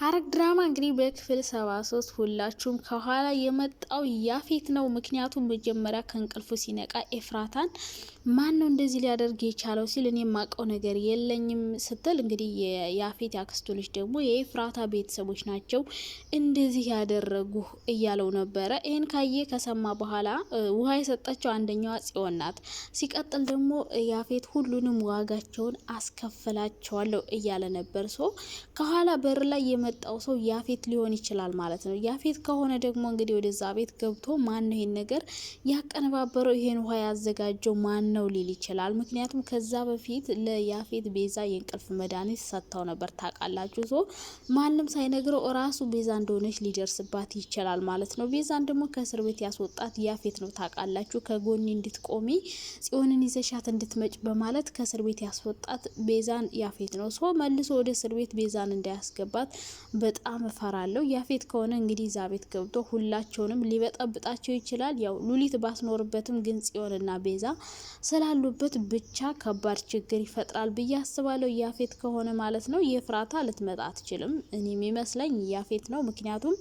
ሐረግ ድራማ እንግዲህ በክፍል ሰባ ሶስት ሁላችሁም ከኋላ የመጣው ያፌት ነው። ምክንያቱም መጀመሪያ ከእንቅልፉ ሲነቃ ኤፍራታን ማን ነው እንደዚህ ሊያደርግ የቻለው ሲል እኔ የማውቀው ነገር የለኝም ስትል እንግዲህ የያፌት ያክስቱ ልጅ ደግሞ የኤፍራታ ቤተሰቦች ናቸው እንደዚህ ያደረጉ እያለው ነበረ። ይህን ካየ ከሰማ በኋላ ውሃ የሰጠችው አንደኛዋ ጽዮን ናት። ሲቀጥል ደግሞ ያፌት ሁሉንም ዋጋቸውን አስከፍላቸዋለሁ እያለ ነበር። ሶ ከኋላ በር ላይ የመጣው ሰው ያፌት ሊሆን ይችላል ማለት ነው። ያፌት ከሆነ ደግሞ እንግዲህ ወደዛ ቤት ገብቶ ማን ነው ይሄን ነገር ያቀነባበረው ይሄን ውሃ ያዘጋጀው ማን ነው ሊል ይችላል። ምክንያቱም ከዛ በፊት ለያፌት ቤዛ የእንቅልፍ መድኃኒት ሰጥተው ነበር ታውቃላችሁ። ሶ ማንም ሳይነግረው ራሱ ቤዛ እንደሆነች ሊደርስባት ይችላል ማለት ነው። ቤዛን ደግሞ ከእስር ቤት ያስወጣት ያፌት ነው ታውቃላችሁ። ከጎኒ እንድትቆሚ ጽዮንን ይዘሻት እንድትመጭ በማለት ከእስር ቤት ያስወጣት ቤዛን ያፌት ነው። ሶ መልሶ ወደ እስር ቤት ቤዛን እንዳያስገባት በጣም እፈራለሁ። ያፌት ከሆነ እንግዲህ እዛ ቤት ገብቶ ሁላቸውንም ሊበጠብጣቸው ይችላል። ያው ሉሊት ባስኖርበትም ግን ጽዮንና ቤዛ ስላሉበት ብቻ ከባድ ችግር ይፈጥራል ብዬ አስባለሁ። ያፌት ከሆነ ማለት ነው። የፍራታ ልትመጣ አትችልም። እኔ የሚመስለኝ ያፌት ነው። ምክንያቱም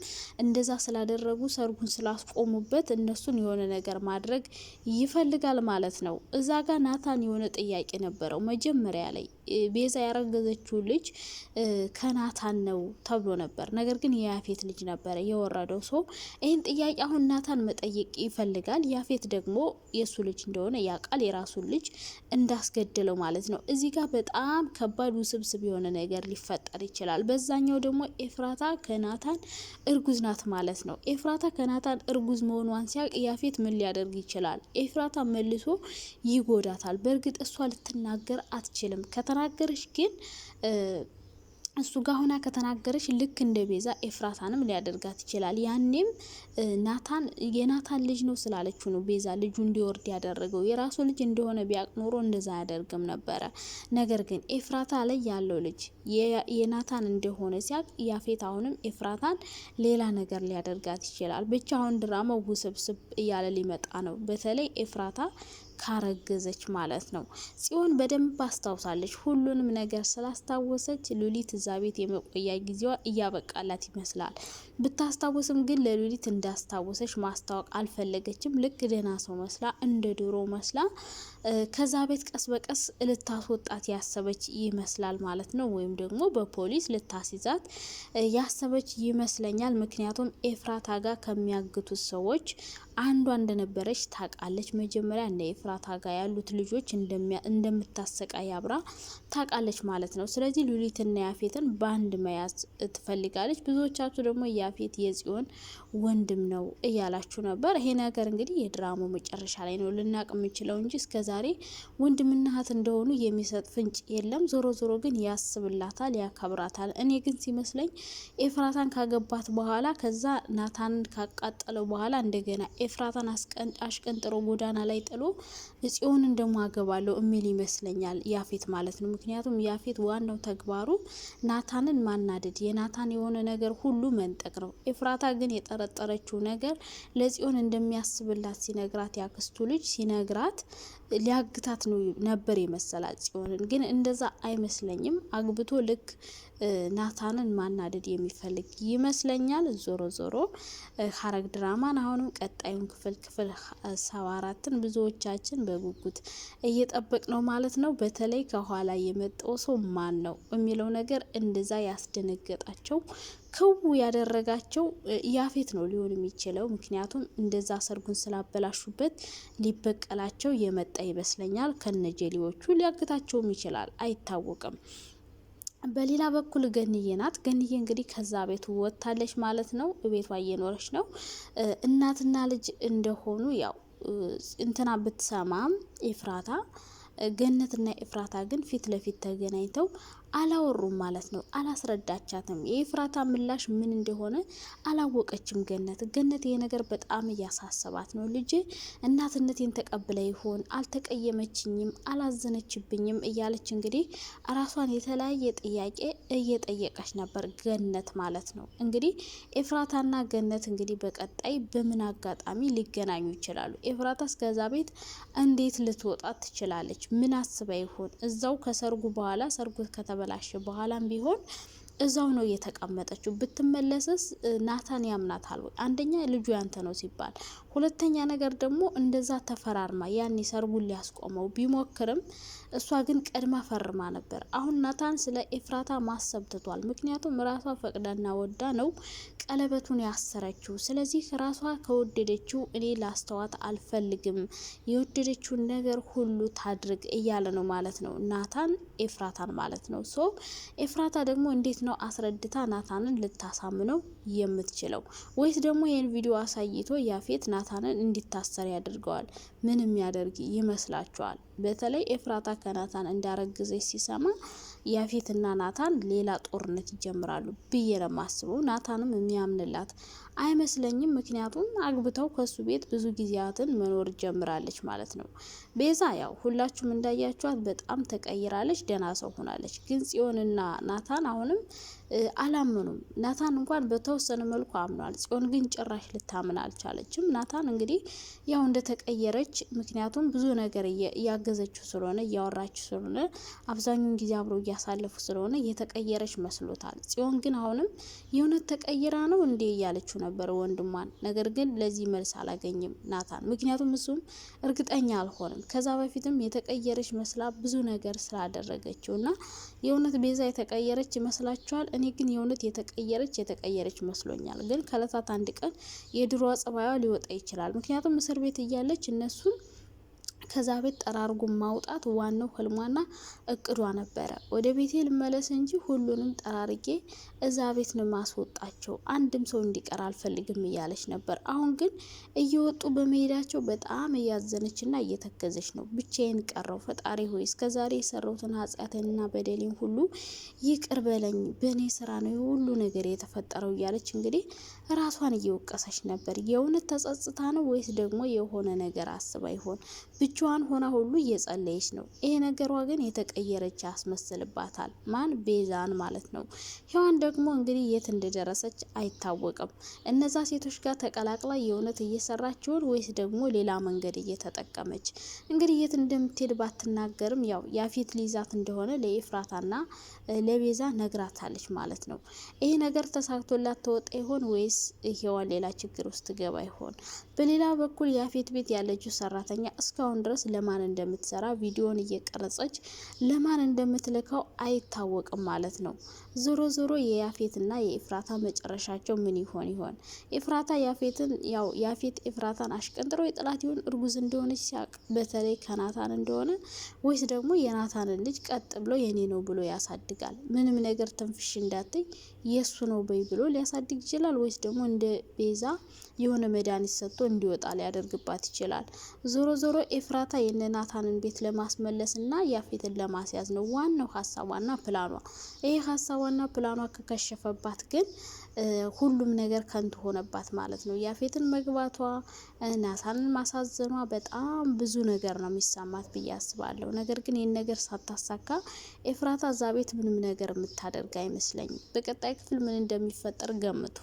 እንደዛ ስላደረጉ ሰርጉን ስላስቆሙበት እነሱን የሆነ ነገር ማድረግ ይፈልጋል ማለት ነው። እዛ ጋር ናታን የሆነ ጥያቄ ነበረው መጀመሪያ ላይ ቤዛ ያረገዘችው ልጅ ከናታን ነው ተብሎ ነበር። ነገር ግን የያፌት ልጅ ነበረ የወረደው ሰው። ይህን ጥያቄ አሁን ናታን መጠየቅ ይፈልጋል። ያፌት ደግሞ የእሱ ልጅ እንደሆነ ያቃል የራሱን ልጅ እንዳስገደለው ማለት ነው። እዚህ ጋር በጣም ከባድ ውስብስብ የሆነ ነገር ሊፈጠር ይችላል። በዛኛው ደግሞ ኤፍራታ ከናታን እርጉዝ ናት ማለት ነው። ኤፍራታ ከናታን እርጉዝ መሆኗን ሲያቅ ያፌት ምን ሊያደርግ ይችላል? ኤፍራታ መልሶ ይጎዳታል። በእርግጥ እሷ ልትናገር አትችልም። ከተናገረች ግን እሱ ጋር ሆና ከተናገረች ልክ እንደ ቤዛ ኤፍራታንም ሊያደርጋት ይችላል። ያኔም ናታን የናታን ልጅ ነው ስላለችው ነው ቤዛ ልጁ እንዲወርድ ያደረገው። የራሱ ልጅ እንደሆነ ቢያቅ ኖሮ እንደዛ አያደርግም ነበረ። ነገር ግን ኤፍራታ ላይ ያለው ልጅ የናታን እንደሆነ ሲያቅ ያፌት አሁንም ኤፍራታን ሌላ ነገር ሊያደርጋት ይችላል። ብቻ አሁን ድራማው ውስብስብ እያለ ሊመጣ ነው። በተለይ ኤፍራታ ካረገዘች ማለት ነው። ጽዮን በደንብ አስታውሳለች። ሁሉንም ነገር ስላስታወሰች ሉሊት እዛ ቤት የመቆያ ጊዜዋ እያበቃላት ይመስላል። ብታስታውስም ግን ለሉሊት እንዳስታወሰች ማስታወቅ አልፈለገችም። ልክ ደህና ሰው መስላ እንደ ድሮ መስላ ከዛ ቤት ቀስ በቀስ ልታስወጣት ያሰበች ይመስላል ማለት ነው። ወይም ደግሞ በፖሊስ ልታስይዛት ያሰበች ይመስለኛል። ምክንያቱም ኤፍራታ ጋር ከሚያግቱት ሰዎች አንዷ እንደነበረች ታውቃለች። መጀመሪያ እንደ ኤፍራታ ጋር ያሉት ልጆች እንደምታሰቃይ አብራ ታውቃለች ማለት ነው። ስለዚህ ሉሊትና ያፌትን በአንድ መያዝ ትፈልጋለች። ብዙዎቻችሁ ደግሞ ያፌት የጽዮን ወንድም ነው እያላችሁ ነበር። ይሄ ነገር እንግዲህ የድራማው መጨረሻ ላይ ነው ልናቅ የምንችለው እንጂ እስከዛ ዛሬ ወንድምና እህት እንደሆኑ የሚሰጥ ፍንጭ የለም። ዞሮ ዞሮ ግን ያስብላታል፣ ያከብራታል። እኔ ግን ሲመስለኝ ኤፍራታን ካገባት በኋላ ከዛ ናታንን ካቃጠለው በኋላ እንደገና ኤፍራታን አሽቀንጥሮ ጎዳና ላይ ጥሎ እጽዮን እንደማገባለው የሚል ይመስለኛል ያፌት ማለት ነው። ምክንያቱም ያፌት ዋናው ተግባሩ ናታንን ማናደድ የናታን የሆነ ነገር ሁሉ መንጠቅ ነው። ኤፍራታ ግን የጠረጠረችው ነገር ለጽዮን እንደሚያስብላት ሲነግራት ያክስቱ ልጅ ሲነግራት ሊያግታት ነው ነበር የመሰላት ጽዮንን። ግን እንደዛ አይመስለኝም። አግብቶ ልክ ናታንን ማናደድ የሚፈልግ ይመስለኛል። ዞሮ ዞሮ ሀረግ ድራማን አሁንም ቀጣዩን ክፍል ክፍል ሰባ አራትን ብዙዎቻችን በጉጉት እየጠበቅ ነው ማለት ነው። በተለይ ከኋላ የመጣው ሰው ማን ነው የሚለው ነገር እንደዛ ያስደነገጣቸው ክው ያደረጋቸው ያፌት ነው ሊሆን የሚችለው። ምክንያቱም እንደዛ ሰርጉን ስላበላሹበት ሊበቀላቸው የመጣ ይመስለኛል። ከነጀሌዎቹ ሊያግታቸውም ይችላል፣ አይታወቅም። በሌላ በኩል ገንዬ ናት። ገንዬ እንግዲህ ከዛ ቤቱ ወጥታለች ማለት ነው። ቤቷ እየኖረች ነው። እናትና ልጅ እንደሆኑ ያው እንትና ብትሰማም ኤፍራታ ገነትና ኤፍራታ ግን ፊት ለፊት ተገናኝተው አላወሩም ማለት ነው። አላስረዳቻትም። የኤፍራታ ምላሽ ምን እንደሆነ አላወቀችም። ገነት ገነት ይሄ ነገር በጣም እያሳሰባት ነው። ልጅ እናትነቴን ተቀብለ ይሆን አልተቀየመችኝም፣ አላዘነችብኝም እያለች እንግዲህ ራሷን የተለያየ ጥያቄ እየጠየቀች ነበር ገነት ማለት ነው። እንግዲህ ኤፍራታና ገነት እንግዲህ በቀጣይ በምን አጋጣሚ ሊገናኙ ይችላሉ? ኤፍራታ እስከዛ ቤት እንዴት ልትወጣ ትችላለች? ምን አስባ ይሆን? እዛው ከሰርጉ በኋላ ሰርጉ ከተበ ከተበላሸ በኋላም ቢሆን እዛው ነው እየተቀመጠችው። ብትመለስስ ናታን ያምናታል ወይ? አንደኛ ልጁ ያንተ ነው ሲባል፣ ሁለተኛ ነገር ደግሞ እንደዛ ተፈራርማ ያኔ ሰርጉን ሊያስቆመው ቢሞክርም እሷ ግን ቀድማ ፈርማ ነበር። አሁን ናታን ስለ ኤፍራታ ማሰብ ትቷል። ምክንያቱም ራሷ ፈቅዳና ወዳ ነው ቀለበቱን ያሰረችው። ስለዚህ ራሷ ከወደደችው እኔ ላስተዋት አልፈልግም፣ የወደደችውን ነገር ሁሉ ታድርግ እያለ ነው ማለት ነው ናታን ኤፍራታን ማለት ነው። ሶ ኤፍራታ ደግሞ እንዴት ነው ነው አስረድታ ናታንን ልታሳምነው የምትችለው? ወይስ ደግሞ ይህን ቪዲዮ አሳይቶ ያፌት ናታንን እንዲታሰር ያደርገዋል? ምን የሚያደርግ ይመስላችኋል? በተለይ ኤፍራታ ከናታን እንዳረግዘች ሲሰማ ያፌትና ናታን ሌላ ጦርነት ይጀምራሉ ብዬ ነው የማስበው። ናታንም የሚያምንላት አይመስለኝም። ምክንያቱም አግብተው ከሱ ቤት ብዙ ጊዜያትን መኖር ጀምራለች ማለት ነው። ቤዛ ያው ሁላችሁም እንዳያችኋት በጣም ተቀይራለች፣ ደህና ሰው ሆናለች። ግን ጽዮንና ናታን አሁንም አላመኑም። ናታን እንኳን በተወሰነ መልኩ አምኗል፣ ጽዮን ግን ጭራሽ ልታምን አልቻለችም። ናታን እንግዲህ ያው እንደተቀየረች ምክንያቱም ብዙ ነገር እያገዘችው ስለሆነ እያወራችው ስለሆነ አብዛኛውን ጊዜ አብሮ እያሳለፉ ስለሆነ የተቀየረች መስሎታል። ጽዮን ግን አሁንም የእውነት ተቀይራ ነው እንዴ እያለችው ነበር ነበር ወንድሟን። ነገር ግን ለዚህ መልስ አላገኝም ናታን። ምክንያቱም እሱም እርግጠኛ አልሆንም። ከዛ በፊትም የተቀየረች መስላ ብዙ ነገር ስላደረገችው እና የእውነት ቤዛ የተቀየረች ይመስላችኋል? እኔ ግን የእውነት የተቀየረች የተቀየረች መስሎኛል። ግን ከእለታት አንድ ቀን የድሮ ጸባይዋ ሊወጣ ይችላል። ምክንያቱም እስር ቤት እያለች እነሱን ከዛ ቤት ጠራርጎ ማውጣት ዋናው ህልሟና እቅዷ ነበረ። ወደ ቤቴ ልመለስ እንጂ ሁሉንም ጠራርጌ እዛ ቤት ነው ማስወጣቸው፣ አንድም ሰው እንዲቀር አልፈልግም እያለች ነበር። አሁን ግን እየወጡ በመሄዳቸው በጣም እያዘነችና እየተከዘች ነው። ብቻዬን ቀረው። ፈጣሪ ሆይ እስከዛሬ የሰራሁትን ኃጢአትንና በደሌን ሁሉ ይቅር በለኝ፣ በእኔ ስራ ነው ሁሉ ነገር የተፈጠረው እያለች እንግዲህ ራሷን እየወቀሰች ነበር። የእውነት ተጸጽታ ነው ወይስ ደግሞ የሆነ ነገር አስባ ይሆን? ብቻዋን ሆና ሁሉ እየጸለየች ነው። ይሄ ነገሯ ግን የተቀየረች ያስመስልባታል። ማን ቤዛን ማለት ነው። ሔዋን ደግሞ እንግዲህ የት እንደደረሰች አይታወቅም። እነዛ ሴቶች ጋር ተቀላቅላ የእውነት እየሰራችውን ወይስ ደግሞ ሌላ መንገድ እየተጠቀመች እንግዲህ የት እንደምትሄድ ባትናገርም ያው ያፊት ሊይዛት እንደሆነ ለኤፍራታና ለቤዛ ነግራታለች ማለት ነው። ይህ ነገር ተሳክቶላት ተወጣ ይሆን ወይስ ሔዋን ሌላ ችግር ውስጥ ገባ ይሆን? በሌላ በኩል ያፌት ቤት ያለችው ሰራተኛ እስካሁን ድረስ ለማን እንደምትሰራ ቪዲዮን እየቀረጸች ለማን እንደምትልከው አይታወቅም ማለት ነው። ዞሮ ዞሮ የያፌትና የኢፍራታ መጨረሻቸው ምን ይሆን ይሆን? ኢፍራታ ያፌትን ያው ያፌት ኢፍራታን አሽቀንጥሮ የጥላት ይሆን እርጉዝ እንደሆነች ሲያቅ በተለይ ከናታን እንደሆነ ወይስ ደግሞ የናታንን ልጅ ቀጥ ብሎ የኔ ነው ብሎ ያሳድጋል ምንም ነገር ትንፍሽ እንዳትይ የእሱ ነው በይ ብሎ ሊያሳድግ ይችላል። ወይስ ደግሞ እንደ ቤዛ የሆነ መድኃኒት ሰጥቶ እንዲወጣ ሊያደርግባት ይችላል። ዞሮ ዞሮ ኤፍራታ የነናታንን ቤት ለማስመለስ እና ያፌትን ለማስያዝ ነው ዋናው ሀሳቧና ፕላኗ። ይሄ ሀሳቧና ፕላኗ ከከሸፈባት ግን ሁሉም ነገር ከንቱ ሆነባት ማለት ነው። ያፌትን መግባቷ፣ ናታንን ማሳዘኗ በጣም ብዙ ነገር ነው የሚሰማት ብዬ አስባለሁ። ነገር ግን ይህን ነገር ሳታሳካ ኤፍራታ እዛ ቤት ምንም ነገር የምታደርግ አይመስለኝም። በቀጣይ ክፍል ምን እንደሚፈጠር ገምቱ።